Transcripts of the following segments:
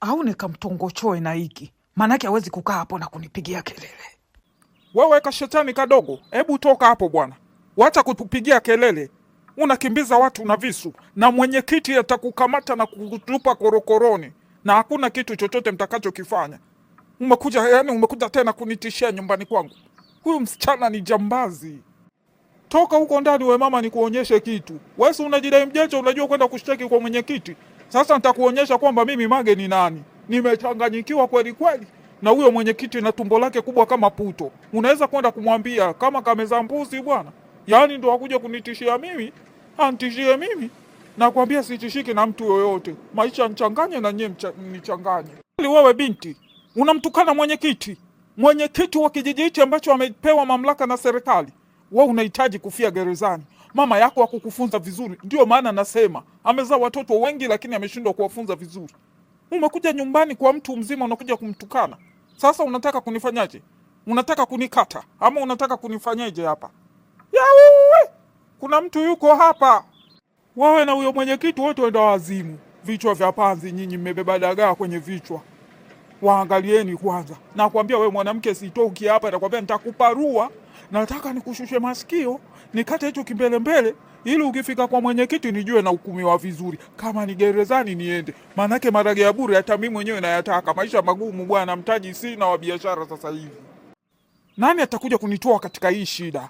au nikamtongochoe na hiki, maanake hawezi kukaa hapo na kunipigia kelele. Wewe kashetani kadogo, hebu toka hapo bwana, wacha kutupigia kelele. Unakimbiza watu na visu, na mwenyekiti atakukamata na kutupa korokoroni, na hakuna kitu chochote mtakachokifanya. Umekuja yani, umekuja tena kunitishia nyumbani kwangu. Huyu msichana ni jambazi. Toka huko ndani we mama, nikuonyeshe kitu. Wewe unajidai mjecho, unajua kwenda kushtaki kwa mwenyekiti, sasa nitakuonyesha kwamba mimi Mage ni nani. Nimechanganyikiwa kweli kweli na huyo mwenyekiti na tumbo lake kubwa kama puto. Unaweza kwenda kumwambia kama kameza mbuzi bwana, yaani ndo akuja kunitishia mimi, antishie mimi. Nakwambia sitishiki na mtu yoyote, maisha nichanganye na nyie nichanganye. Wewe binti unamtukana mwenyekiti, mwenyekiti wa kijiji hichi ambacho amepewa mamlaka na serikali, Wewe unahitaji kufia gerezani mama yako hakukufunza vizuri. Ndio maana nasema amezaa watoto wengi, lakini ameshindwa kuwafunza vizuri. Umekuja nyumbani kwa mtu mzima, unakuja kumtukana. Sasa unataka kunifanyaje? Unataka kunikata ama unataka kunifanyaje hapa? Yawe, kuna mtu yuko hapa. Wawe na huyo mwenyekiti wote wenda wazimu, vichwa vya panzi nyinyi, mmebeba dagaa kwenye vichwa. Waangalieni kwanza. Nakwambia wewe mwanamke, sitoki hapa, nakwambia nitakuparua nataka nikushushe masikio nikate hicho kimbelembele, ili ukifika kwa mwenyekiti nijue na hukumiwa vizuri. Kama ni gerezani niende, maanake marage ya bure hata mimi mwenyewe nayataka. Maisha magumu bwana, mtaji sina wa biashara sasa hivi. Nani atakuja kunitoa katika hii shida?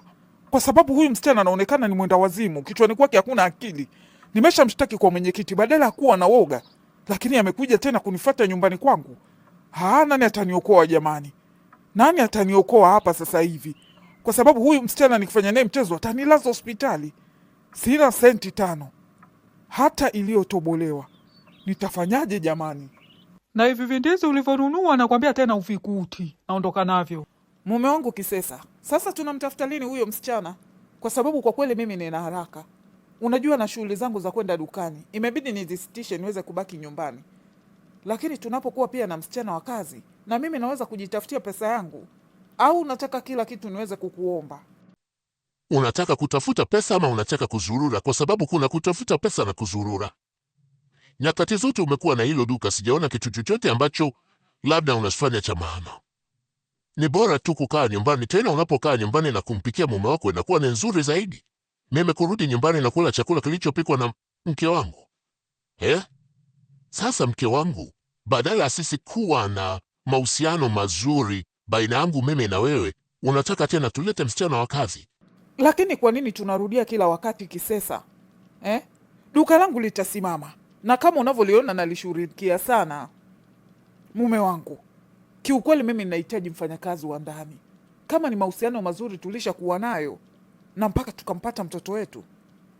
Kwa sababu huyu msichana anaonekana ni mwenda wazimu, kichwani kwake hakuna akili. Nimeshamshtaki kwa mwenyekiti, badala ya kuwa na woga, lakini amekuja tena kunifuata nyumbani kwangu. Haa, nani ataniokoa jamani? Nani ataniokoa hapa sasa hivi? kwa sababu huyu msichana nikifanya naye mchezo atanilaza hospitali. Sina senti tano hata iliyotobolewa, nitafanyaje jamani? Na hivi vindizi ulivyonunua nakwambia tena uvikuti, naondoka navyo. Mume wangu Kisesa, sasa tunamtafuta lini huyo msichana? Kwa sababu kwa kweli mimi nina haraka, unajua, na shughuli zangu za kwenda dukani imebidi nizisitishe niweze kubaki nyumbani, lakini tunapokuwa pia na msichana wa kazi, na mimi naweza kujitafutia pesa yangu au unataka kila kitu niweze kukuomba? Unataka kutafuta pesa ama unataka kuzurura? Kwa sababu kuna kutafuta pesa na kuzurura. Nyakati zote umekuwa na hilo duka, sijaona kitu chochote ambacho labda unafanya cha maana. Ni bora tu kukaa nyumbani. Tena unapokaa nyumbani na kumpikia mume wako inakuwa ni nzuri zaidi. Mimi kurudi nyumbani na kula chakula kilichopikwa na mke wangu eh? Sasa mke wangu, badala ya sisi kuwa na mahusiano mazuri baina yangu mimi na wewe, unataka tena tulete msichana wa kazi. Lakini kwa nini tunarudia kila wakati Kisesa eh? Duka langu litasimama na kama unavyoliona nalishughulikia sana mume wangu. Kiukweli mimi ninahitaji mfanyakazi wa ndani. Kama ni mahusiano mazuri tulishakuwa nayo na mpaka tukampata mtoto wetu,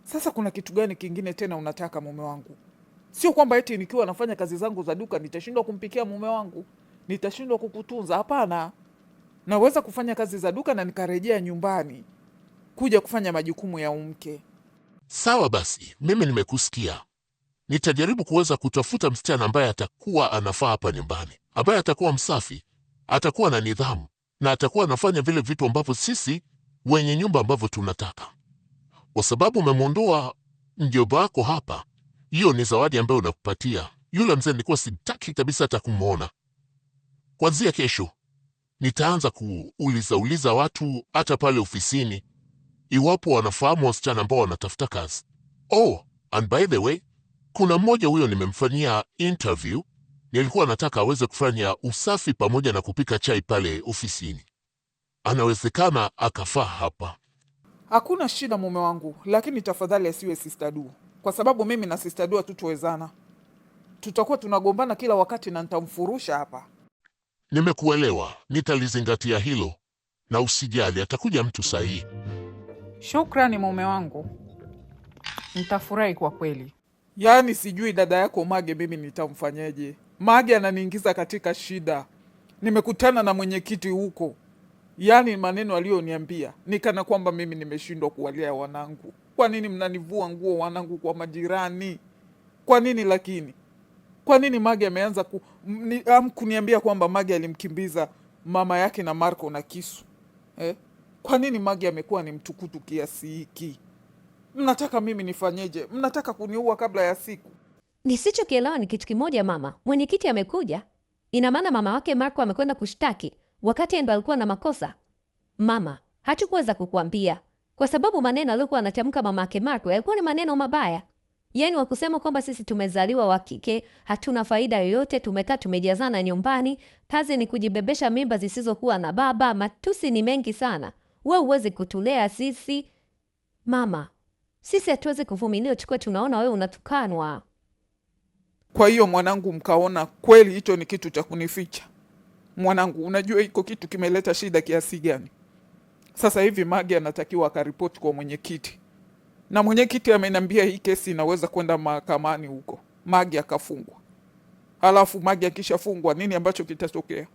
sasa kuna kitu gani kingine tena unataka mume wangu? Sio kwamba eti nikiwa nafanya kazi zangu za duka nitashindwa kumpikia mume wangu nitashindwa kukutunza. Hapana, naweza kufanya kazi za duka na nikarejea nyumbani kuja kufanya majukumu ya umke. Sawa basi, mimi nimekusikia. Nitajaribu kuweza kutafuta msichana ambaye atakuwa anafaa hapa nyumbani, ambaye atakuwa msafi, atakuwa na nidhamu na atakuwa anafanya vile vitu ambavyo sisi wenye nyumba ambavyo tunataka. Kwa sababu umemwondoa mjomba wako hapa, hiyo ni zawadi ambayo unakupatia. Yule mzee nilikuwa sitaki kabisa hata kumwona. Kuanzia kesho nitaanza kuulizauliza watu hata pale ofisini, iwapo wanafahamu wasichana ambao wanatafuta kazi. Oh, and by the way, kuna mmoja huyo nimemfanyia interview, nilikuwa nataka aweze kufanya usafi pamoja na kupika chai pale ofisini. Anawezekana akafaa hapa. Hakuna shida mume wangu, lakini tafadhali asiwe Sister Du, kwa sababu mimi na Sister Du hatutowezana, tutakuwa tunagombana kila wakati na nitamfurusha hapa. Nimekuelewa, nitalizingatia hilo, na usijali, atakuja mtu sahihi. Shukrani mume wangu, nitafurahi kwa kweli. Yaani sijui dada yako Mage mimi nitamfanyaje? Mage ananiingiza katika shida. Nimekutana na mwenyekiti huko, yaani maneno aliyoniambia nikana kwamba mimi nimeshindwa kuwalia wanangu. Kwa nini mnanivua nguo wanangu kwa majirani? Kwa nini lakini kwa nini Mage ameanza ku, ni, kuniambia kwamba Mage alimkimbiza mama yake na Marco na kisu eh? Kwa nini Mage amekuwa ni mtukutu kiasi hiki? Mnataka mimi nifanyeje? Mnataka kuniua kabla ya siku? Nisichokielewa ni kitu kimoja mama. Mwenyekiti amekuja, ina maana mama wake Marco amekwenda kushtaki wakati ndo alikuwa na makosa. Mama hatukuweza kukuambia kwa sababu maneno aliyokuwa anatamka mama yake Marco yalikuwa ni maneno mabaya yani wakusema kwamba sisi tumezaliwa wa kike, hatuna faida yoyote, tumekaa tumejazana nyumbani, kazi ni kujibebesha mimba zisizokuwa na baba. Matusi ni mengi sana. We uwezi kutulea sisi mama, sisi hatuwezi kuvumilia chukue, tunaona wewe unatukanwa. Kwa hiyo mwanangu, mkaona kweli hicho ni kitu cha kunificha. Mwanangu, unajua iko kitu kimeleta shida kiasi gani? Sasa hivi magi anatakiwa akaripoti kwa mwenyekiti na mwenyekiti ameniambia hii kesi inaweza kwenda mahakamani huko, Magi akafungwa. Halafu Magi akishafungwa, nini ambacho kitatokea?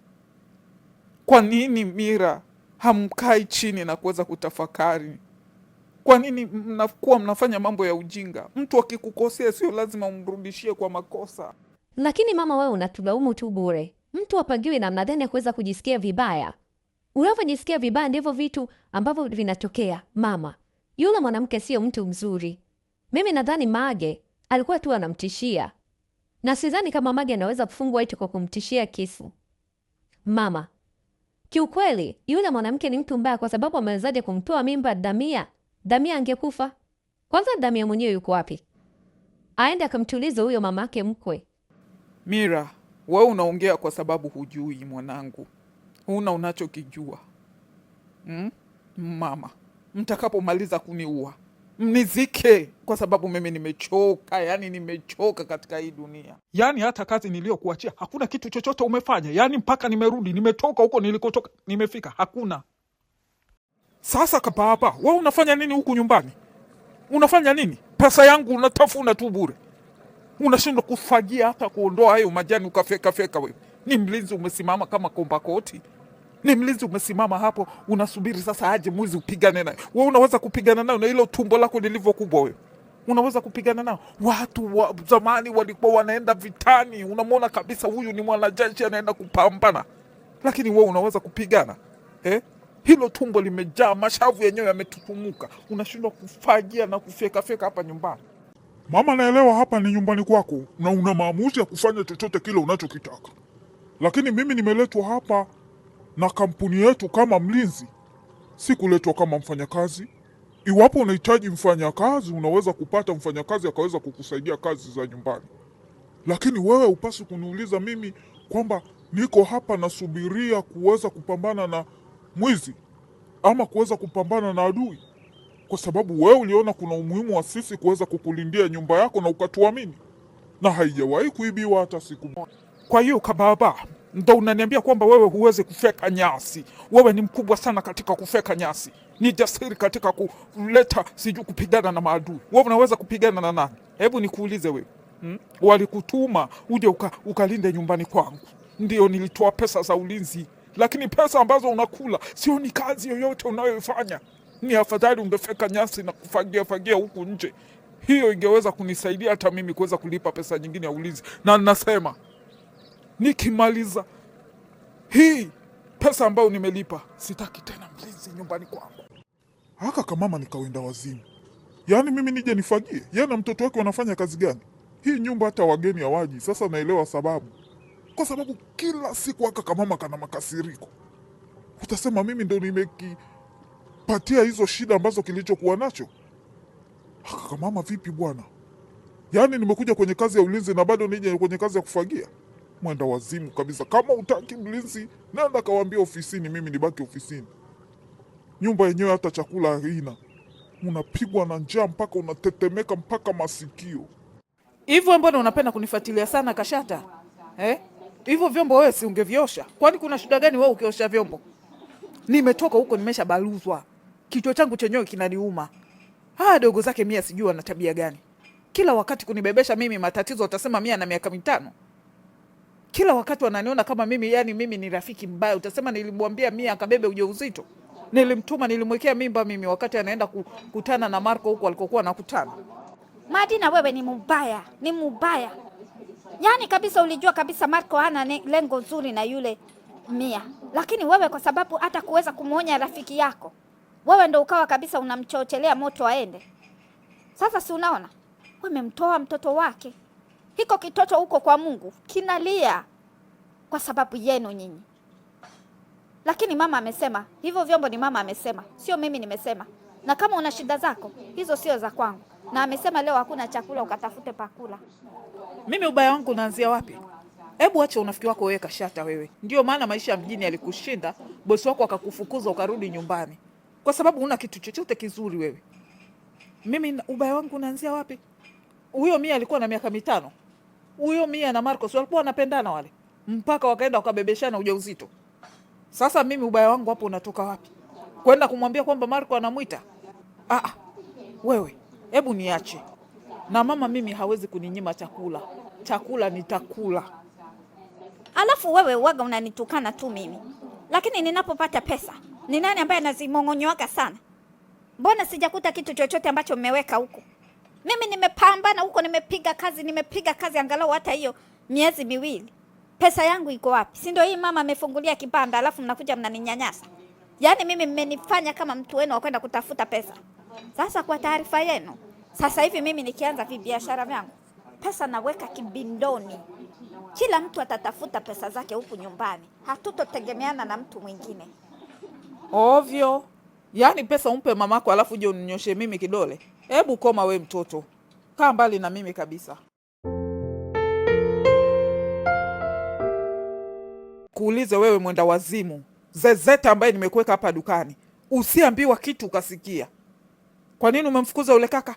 Kwa nini Mira hamkai chini na kuweza kutafakari? Kwa nini mnakuwa mnafanya mambo ya ujinga? Mtu akikukosea sio lazima umrudishie kwa makosa. Lakini mama, wewe unatulaumu tu bure. Mtu apangiwe namna gani ya kuweza kujisikia vibaya? Unavyojisikia vibaya ndivyo vitu ambavyo vinatokea mama yule mwanamke sio mtu mzuri. Mimi nadhani Mage alikuwa tu anamtishia, na sidhani kama Mage anaweza kufungwa eti kwa kumtishia kisu. Mama, kiukweli yule mwanamke ni mtu mbaya, kwa sababu amewezaje kumtoa mimba Damia? Damia angekufa kwanza. Damia mwenyewe yuko wapi? Aende akamtulize huyo mamake mkwe. Mira, wewe unaongea kwa sababu hujui mwanangu, huna unachokijua mm? Mama mtakapomaliza kuniua mnizike, kwa sababu mimi nimechoka, yani nimechoka katika hii dunia. Yani hata kazi niliyokuachia hakuna kitu chochote umefanya, yani mpaka nimerudi, nimetoka huko nilikotoka, nimefika hakuna. Sasa kapaapa, we unafanya nini huku nyumbani? Unafanya nini? Pesa yangu unatafuna tu bure, unashindwa kufagia hata kuondoa hayo majani ukafekafeka. Wewe ni mlinzi, umesimama kama kombakoti ni mlinzi umesimama hapo, unasubiri sasa aje mwizi upigane naye. Wewe unaweza kupigana nayo na hilo tumbo lako lilivyo kubwa? Wewe unaweza kupigana nao? Watu wa zamani walikuwa wanaenda vitani, unamwona kabisa huyu ni mwanajeshi anaenda kupambana, lakini wewe unaweza kupigana eh? Hilo tumbo limejaa mashavu, yenyewe yametutumuka, unashindwa kufagia na kufyekafyeka hapa nyumbani. Mama, naelewa hapa ni nyumbani kwako na una maamuzi ya kufanya chochote kile unachokitaka, lakini mimi nimeletwa hapa na kampuni yetu kama mlinzi, si kuletwa kama mfanyakazi. Iwapo unahitaji mfanyakazi, unaweza kupata mfanyakazi akaweza kukusaidia kazi za nyumbani, lakini wewe upasi kuniuliza mimi kwamba niko hapa nasubiria kuweza kupambana na mwizi ama kuweza kupambana na adui, kwa sababu wewe uliona kuna umuhimu wa sisi kuweza kukulindia nyumba yako na ukatuamini, na haijawahi kuibiwa hata siku moja. Kwa hiyo kababa, ndo unaniambia kwamba wewe huwezi kufeka nyasi? Wewe ni mkubwa sana katika kufeka nyasi, ni jasiri katika kuleta sijui kupigana na maadui. Wewe unaweza kupigana na nani? Hebu nikuulize wewe hmm? Walikutuma uje uka, ukalinde nyumbani kwangu, ndio nilitoa pesa za ulinzi, lakini pesa ambazo unakula sio ni kazi yoyote unayoifanya. Ni afadhali ungefyeka nyasi na kufagia fagia huku nje, hiyo ingeweza kunisaidia hata mimi kuweza kulipa pesa nyingine ya ulinzi, na nasema nikimaliza hii pesa ambayo nimelipa sitaki tena mlinzi nyumbani kwangu. Haka kamama nikawenda wazimu, yaani mimi nije nifagie yeye na mtoto wake wanafanya kazi gani? Hii nyumba hata wageni hawaji. Sasa naelewa sababu, kwa sababu kila siku haka kamama kana makasiriko. Utasema mimi ndo nimekipatia hizo shida ambazo kilichokuwa nacho. Haka kamama vipi bwana? Yaani nimekuja kwenye kazi ya ulinzi na bado nije kwenye kazi ya kufagia? Mwenda wazimu kabisa. Kama utaki mlinzi, nenda kawaambia ofisini, mimi nibaki ofisini. Nyumba yenyewe hata chakula haina, unapigwa na njaa mpaka unatetemeka mpaka masikio. Hivyo mbona unapenda kunifuatilia sana Kashata eh? Hivyo vyombo wewe si ungeviosha? Kwani kuna shida gani wewe ukiosha vyombo? Nimetoka huko nimesha baluzwa, kichwa changu chenyewe kinaniuma. Haya dogo zake Mia sijui ana tabia gani, kila wakati kunibebesha mimi matatizo. Utasema Mia na miaka mitano kila wakati wananiona kama mimi, yani mimi ni rafiki mbaya. Utasema nilimwambia Mia akabebe ujauzito, nilimtuma, nilimwekea mimba mimi, wakati anaenda kukutana na Marco huko alikokuwa anakutana. Madina, wewe ni mubaya, ni mubaya yani kabisa. Ulijua kabisa Marco hana lengo zuri na yule Mia, lakini wewe kwa sababu hata kuweza kumwonya rafiki yako wewe ndo ukawa kabisa unamchochelea moto aende. Sasa si unaona, wamemtoa mtoto wake hiko kitoto huko kwa Mungu kinalia kwa sababu yenu nyinyi. Lakini mama amesema hivyo, vyombo ni mama amesema, sio mimi nimesema. Na kama una shida zako hizo, sio za kwangu. Na amesema leo hakuna chakula, ukatafute pakula. Mimi ubaya wangu unaanzia wapi? Hebu acha unafiki wako wewe, kashata wewe. Ndio maana maisha ya mjini yalikushinda, bosi wako akakufukuza ukarudi nyumbani, kwa sababu huna kitu chochote kizuri wewe. Mimi ubaya wangu unaanzia wapi? Huyo mimi alikuwa na miaka mitano huyo Mia na Marcos walikuwa wanapendana wale, mpaka wakaenda wakabebeshana ujauzito. Sasa mimi ubaya wangu hapo unatoka wapi? Kwenda kumwambia kwamba Marco anamwita? Ah, ah. wewe hebu niache na mama, mimi hawezi kuninyima chakula. Chakula nitakula. Alafu wewe uwaga unanitukana tu mimi, lakini ninapopata pesa ni nani ambaye anazimong'onyoaga sana? Mbona sijakuta kitu chochote ambacho mmeweka huko? Mimi nimepambana huko, nimepiga kazi, nimepiga kazi angalau hata hiyo miezi miwili. Pesa yangu iko wapi? Si ndio hii mama amefungulia kibanda, alafu mnakuja mnaninyanyasa. Yaani mimi mmenifanya kama mtu wenu wa kwenda kutafuta pesa. Sasa kwa taarifa yenu, sasa hivi mimi nikianza vi biashara yangu, pesa naweka kibindoni. Kila mtu atatafuta pesa zake huku nyumbani, hatutotegemeana na mtu mwingine ovyo. Yaani pesa umpe mamako, alafu uje uninyoshe mimi kidole? Hebu koma we mtoto, kaa mbali na mimi kabisa. Kuulize wewe mwenda wazimu zezeta, ambaye nimekuweka hapa dukani, usiambiwa kitu ukasikia. Kwa nini umemfukuza ule kaka?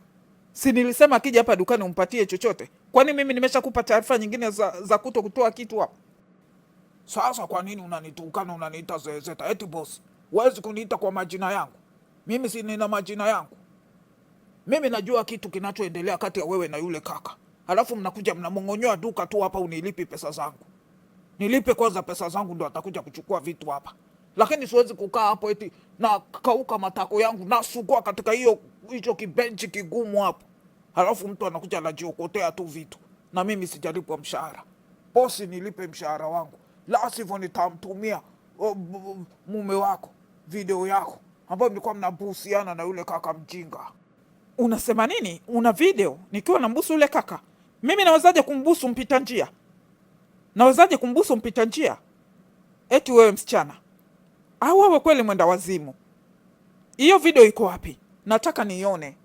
Si nilisema akija hapa dukani umpatie chochote? Kwani mimi nimeshakupa taarifa nyingine za, za kuto kutoa kitu hapa? Sasa kwa nini unanitukana unaniita zezeta? Eti bosi, huwezi kuniita kwa majina yangu? Mimi si nina majina yangu mimi najua kitu kinachoendelea kati ya wewe na yule kaka, alafu mnakuja mnamong'onyoa duka tu hapa, unilipi pesa zangu. Nilipe kwanza pesa zangu, ndo atakuja kuchukua vitu hapa. Lakini siwezi kukaa hapo eti na kauka matako yangu nasugua katika hiyo hicho kibenchi kigumu hapo, alafu mtu anakuja anajiokotea tu vitu na mimi sijalipwa mshahara. Bosi, nilipe mshahara wangu, la sivyo nitamtumia oh, mume wako video yako ambayo mlikuwa mnabuhusiana na yule kaka mjinga unasema nini? Una video nikiwa nambusu yule kaka? Mimi nawezaje kumbusu mpita njia? Nawezaje kumbusu mpita njia? Eti wewe msichana au wewe kweli mwenda wazimu? Hiyo video iko wapi? Nataka nione.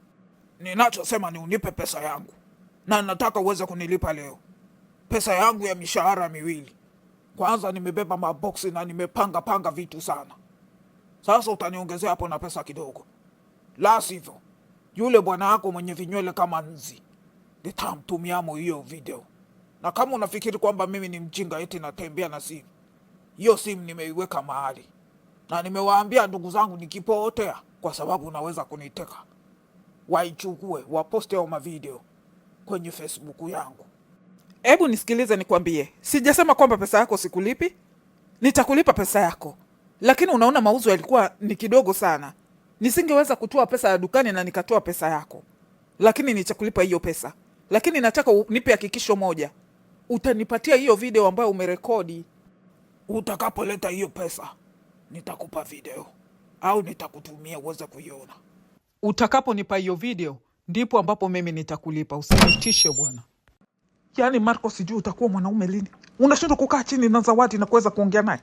Ninachosema ni unipe pesa yangu, na nataka uweze kunilipa leo pesa yangu ya mishahara miwili. Kwanza nimebeba maboksi na nimepanga panga vitu sana. Sasa utaniongezea hapo na pesa kidogo, la sivyo yule bwana wako mwenye vinywele kama nzi, nitamtumiamo hiyo video. Na kama unafikiri kwamba mimi ni mjinga eti natembea na simu, hiyo simu nimeiweka mahali, na nimewaambia ndugu zangu nikipotea, kwa sababu unaweza kuniteka, waichukue waposte au mavideo kwenye Facebook yangu. Hebu nisikilize nikwambie, sijasema kwamba pesa yako sikulipi, nitakulipa pesa yako, lakini unaona mauzo yalikuwa ni kidogo sana nisingeweza kutoa pesa ya dukani na nikatoa pesa yako, lakini nitakulipa hiyo pesa, lakini nataka nipe hakikisho moja, utanipatia hiyo video ambayo umerekodi. Utakapoleta hiyo pesa, nitakupa video au nitakutumia uweze kuiona. Utakaponipa hiyo video, ndipo ambapo mimi nitakulipa. Usinitishe bwana. Yaani Marco, sijui utakuwa mwanaume lini, unashindwa kukaa chini na Zawadi na kuweza kuongea naye.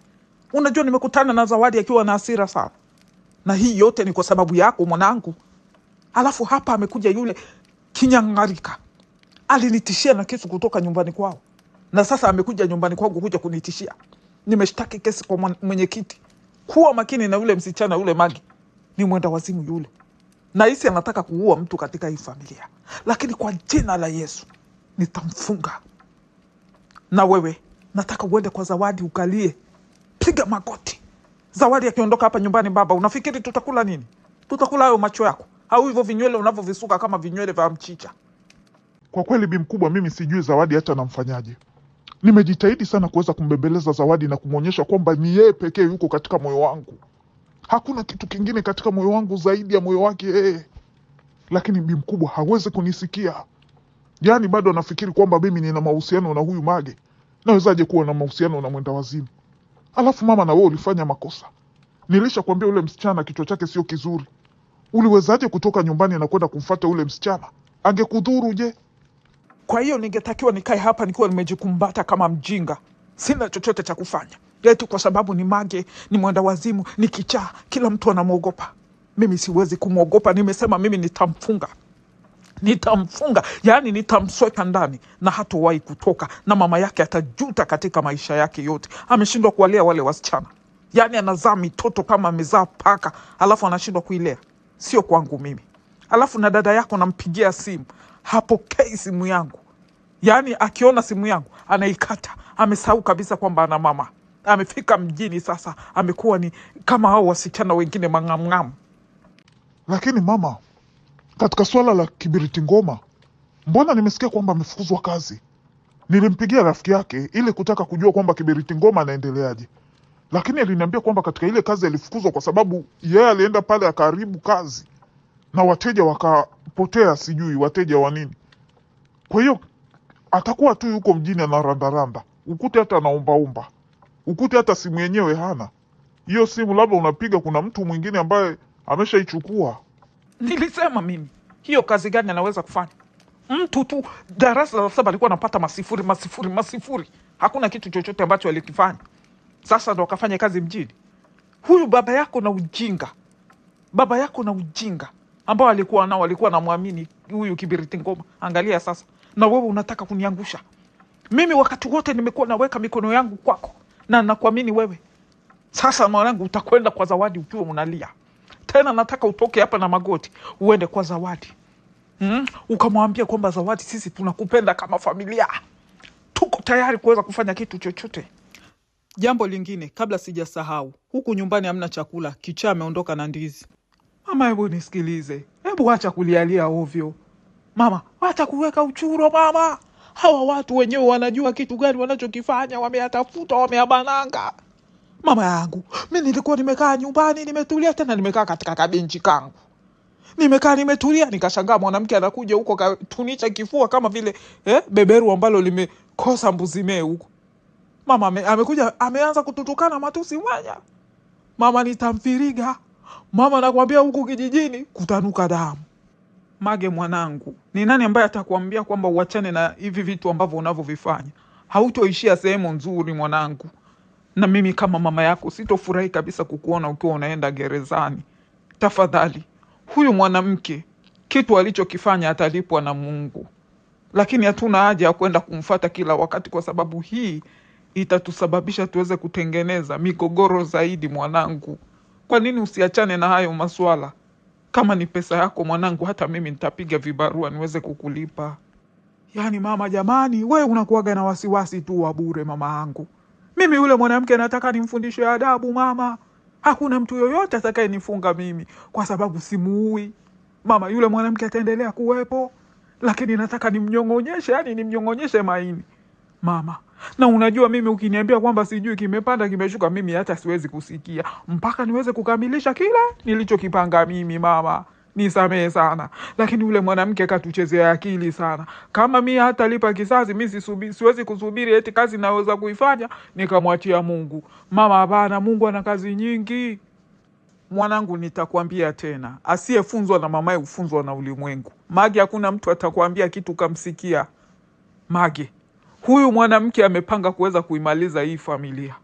Unajua nimekutana na Zawadi akiwa na hasira sana na hii yote ni kwa sababu yako mwanangu. Alafu hapa amekuja yule kinyangarika, alinitishia na kesi kutoka nyumbani kwao, na sasa amekuja nyumbani kwangu kuja kunitishia. Nimeshtaki kesi kwa mwenyekiti. Kuwa makini na yule msichana yule, Magi ni mwenda wazimu yule, na hisi anataka kuua mtu katika hii familia, lakini kwa jina la Yesu nitamfunga. Na wewe nataka uende kwa Zawadi ukalie, piga magoti Zawadi akiondoka hapa nyumbani, baba, unafikiri tutakula nini? Tutakula hayo macho yako au hivyo vinywele unavyovisuka kama vinywele vya mchicha? Kwa kweli, bi mkubwa, mimi sijui Zawadi hata namfanyaje. Nimejitahidi sana kuweza kumbembeleza Zawadi na kumwonyesha kwamba ni yeye pekee yuko katika moyo wangu, hakuna kitu kingine katika moyo wangu zaidi ya moyo wake yeye, lakini bi mkubwa hawezi kunisikia. Yaani bado anafikiri kwamba mimi nina mahusiano na huyu Mage. Nawezaje kuwa na mahusiano na mwenda wazimu? Alafu mama, na wewe ulifanya makosa. Nilishakwambia ule msichana kichwa chake sio kizuri. Uliwezaje kutoka nyumbani na kwenda kumfata ule msichana? Angekudhuru je? Kwa hiyo ningetakiwa nikae hapa nikiwa nimejikumbata kama mjinga, sina chochote cha kufanya yetu, kwa sababu ni mage, ni mwenda wazimu, ni kichaa, kila mtu anamwogopa. Mimi siwezi kumwogopa, nimesema mimi nitamfunga nitamfunga yaani, nitamsweka ndani na hatowahi kutoka, na mama yake atajuta katika maisha yake yote. Ameshindwa kuwalea wale wasichana, yaani anazaa mitoto kama amezaa paka, alafu anashindwa kuilea. Sio kwangu mimi. Alafu na dada yako nampigia simu, hapokei simu yangu, yaani akiona simu yangu anaikata. Amesahau kabisa kwamba ana mama. Amefika mjini sasa, amekuwa ni kama hao wasichana wengine mangamngam Lakini mama katika swala la Kibiriti Ngoma, mbona nimesikia kwamba amefukuzwa kazi? Nilimpigia rafiki yake ili kutaka kujua kwamba Kibiriti Ngoma anaendeleaje, lakini aliniambia kwamba katika ile kazi alifukuzwa kwa sababu yeye alienda pale akaharibu kazi na wateja wakapotea, sijui wateja wa nini. Kwa hiyo atakuwa tu yuko mjini anarandaranda, ukute hata anaombaomba, ukute hata simu yenyewe hana. Hiyo simu labda unapiga, kuna mtu mwingine ambaye ameshaichukua. Nilisema mimi hiyo kazi gani anaweza kufanya mtu tu? Darasa la saba alikuwa anapata masifuri masifuri masifuri, hakuna kitu chochote ambacho alikifanya. Sasa ndo akafanya kazi mjini. Huyu baba yako na ujinga, baba yako na ujinga ambao alikuwa nao, alikuwa anamwamini huyu Kibiriti Ngoma. Angalia sasa, na wewe unataka kuniangusha mimi. Wakati wote nimekuwa naweka mikono yangu kwako na nakuamini wewe. Sasa mwanangu, utakwenda kwa zawadi ukiwa unalia tena nataka utoke hapa na magoti uende kwa Zawadi mm? Ukamwambia kwamba Zawadi, sisi tunakupenda kama familia, tuko tayari kuweza kufanya kitu chochote. Jambo lingine kabla sijasahau, huku nyumbani hamna chakula, kichaa ameondoka na ndizi. Mama, hebu nisikilize, hebu acha kulialia ovyo mama, acha kuweka uchuro mama. Hawa watu wenyewe wanajua kitu gani wanachokifanya, wameyatafuta, wameabananga Mama yangu, mi nilikuwa nimekaa nyumbani nimetulia, tena nimekaa katika kabenchi kangu, nimekaa nimetulia, nikashangaa mwanamke anakuja huko katunisha kifua kama vile eh, beberu ambalo limekosa mbuzi mee huko. Mama amekuja ameanza kututukana matusi mwanya. Mama nitamfiriga mama, nakwambia huku kijijini kutanuka damu. Mage mwanangu, ni nani ambaye atakuambia kwamba uachane na hivi vitu ambavyo unavyovifanya? Hautoishia sehemu nzuri mwanangu na mimi kama mama yako sitofurahi kabisa kukuona ukiwa unaenda gerezani. Tafadhali, huyu mwanamke kitu alichokifanya atalipwa na Mungu, lakini hatuna haja ya kwenda kumfata kila wakati, kwa sababu hii itatusababisha tuweze kutengeneza migogoro zaidi. Mwanangu, kwa nini usiachane na hayo maswala? Kama ni pesa yako mwanangu, hata mimi nitapiga vibarua niweze kukulipa. Yaani mama, jamani, we unakuwaga na wasiwasi tu wa bure mama yangu. Mimi yule mwanamke nataka nimfundishe adabu mama. Hakuna mtu yoyote atakaye nifunga mimi kwa sababu simuui. Mama, yule mwanamke ataendelea kuwepo, lakini nataka nimnyong'onyeshe, yani nimnyong'onyeshe maini mama. Na unajua mimi ukiniambia kwamba sijui kimepanda kimeshuka, mimi hata siwezi kusikia mpaka niweze kukamilisha kile nilichokipanga mimi mama nisamehe sana, lakini ule mwanamke katuchezea akili sana. Kama mi hata lipa kisasi, mi siwezi kusubiri eti kazi naweza kuifanya nikamwachia Mungu. Mama, hapana, Mungu ana kazi nyingi. Mwanangu, nitakwambia tena, asiyefunzwa na mamaye hufunzwa na ulimwengu. Magi, hakuna mtu atakwambia kitu kamsikia. Magi. huyu mwanamke amepanga kuweza kuimaliza hii familia.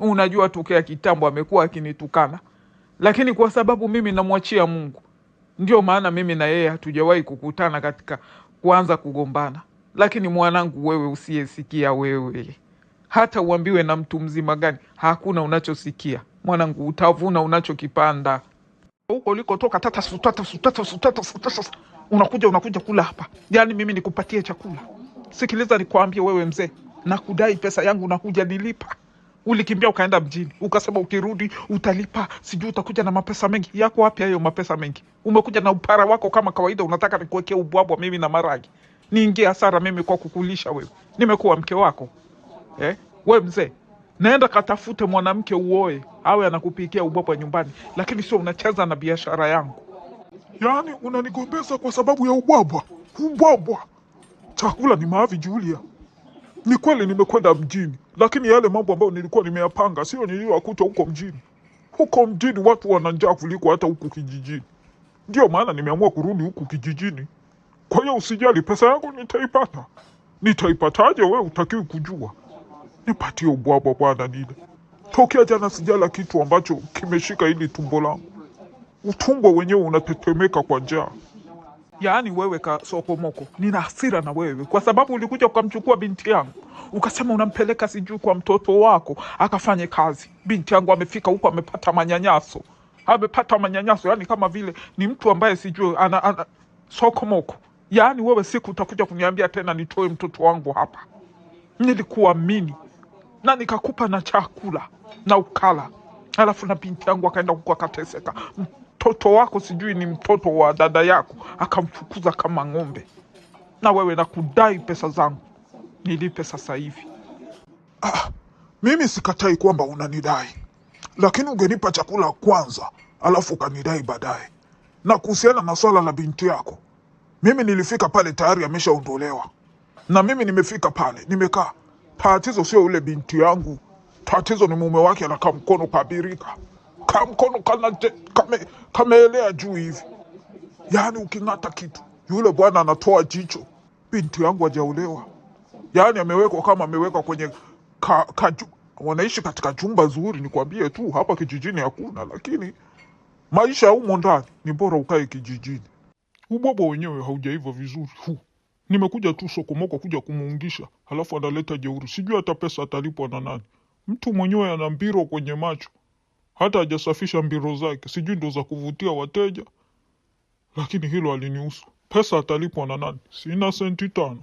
Unajua, tokea kitambo amekuwa akinitukana, lakini kwa sababu mimi namwachia Mungu, ndio maana mimi na yeye hatujawahi kukutana katika kuanza kugombana. Lakini mwanangu, wewe usiyesikia, wewe hata uambiwe na mtu mzima gani, hakuna unachosikia mwanangu, utavuna unachokipanda huko ulikotoka. Tata sutata sutata sutata sutata, unakuja unakuja kula hapa, yaani mimi nikupatie chakula? Sikiliza nikwambie, wewe mzee, nakudai pesa yangu, nakuja nilipa ulikimbia ukaenda mjini, ukasema ukirudi utalipa, sijui utakuja na mapesa mengi. Yako wapi hayo mapesa mengi? Umekuja na upara wako kama kawaida, unataka nikuwekea ubwabwa mimi na maragi, niingie hasara mimi kwa kukulisha wewe? Nimekuwa mke wako eh? We mzee, naenda katafute mwanamke uoe, awe anakupikia ubwabwa nyumbani, lakini sio unacheza na biashara yangu. Yaani unanigombeza kwa sababu ya ubwabwa? Ubwabwa chakula ni maavi Julia, ni kweli nimekwenda mjini lakini yale mambo ambayo nilikuwa nimeyapanga sio niliyokuta huko mjini. Huko mjini watu wana njaa kuliko hata huku kijijini, ndio maana nimeamua kurudi huku kijijini. Kwa hiyo usijali, pesa yangu nitaipata. Nitaipataje wewe utakiwi kujua. Nipatie ubwabwa bwana, nile tokea jana sijala kitu ambacho kimeshika hili tumbo langu. Utumbo wenyewe unatetemeka kwa njaa. Yaani wewe kasopomoko, nina hasira na wewe kwa sababu ulikuja ukamchukua binti yangu, ukasema unampeleka sijui kwa mtoto wako akafanye kazi. Binti yangu amefika huko amepata manyanyaso, amepata manyanyaso, yaani kama vile ni mtu ambaye sijui ana, ana sokomoko. Yaani wewe siku utakuja kuniambia tena nitoe mtoto wangu hapa. Nilikuamini na nikakupa na chakula na ukala, alafu na binti yangu akaenda huko akateseka mtoto wako sijui ni mtoto wa dada yako, akamfukuza kama ng'ombe, na wewe nakudai pesa zangu, nilipe sasa hivi. Ah, mimi sikatai kwamba unanidai, lakini ungenipa chakula kwanza, alafu ukanidai baadaye. Na kuhusiana na swala la binti yako, mimi nilifika pale tayari ameshaondolewa, na mimi nimefika pale nimekaa. Tatizo sio yule binti yangu, tatizo ni mume wake anakaa mkono kabirika mkono kame, kame, kameelea juu hivi, yaani uking'ata kitu yule bwana anatoa jicho. Binti yangu hajaolewa, yaani amewekwa kama amewekwa kwenye ka, ka, wanaishi katika jumba zuri, nikwambie tu hapa kijijini hakuna, lakini maisha ya humo ndani ni bora ukae kijijini. Ubaba wenyewe haujaiva vizuri hu. Nimekuja tu sokomoko kuja kumuungisha, halafu analeta jeuri, sijui hata pesa atalipwa na nani. Mtu mwenyewe ana mbiro kwenye macho, hata hajasafisha mbiro zake, sijui ndo za kuvutia wateja, lakini hilo alinihusu. Pesa atalipwa na nani? Sina senti tano.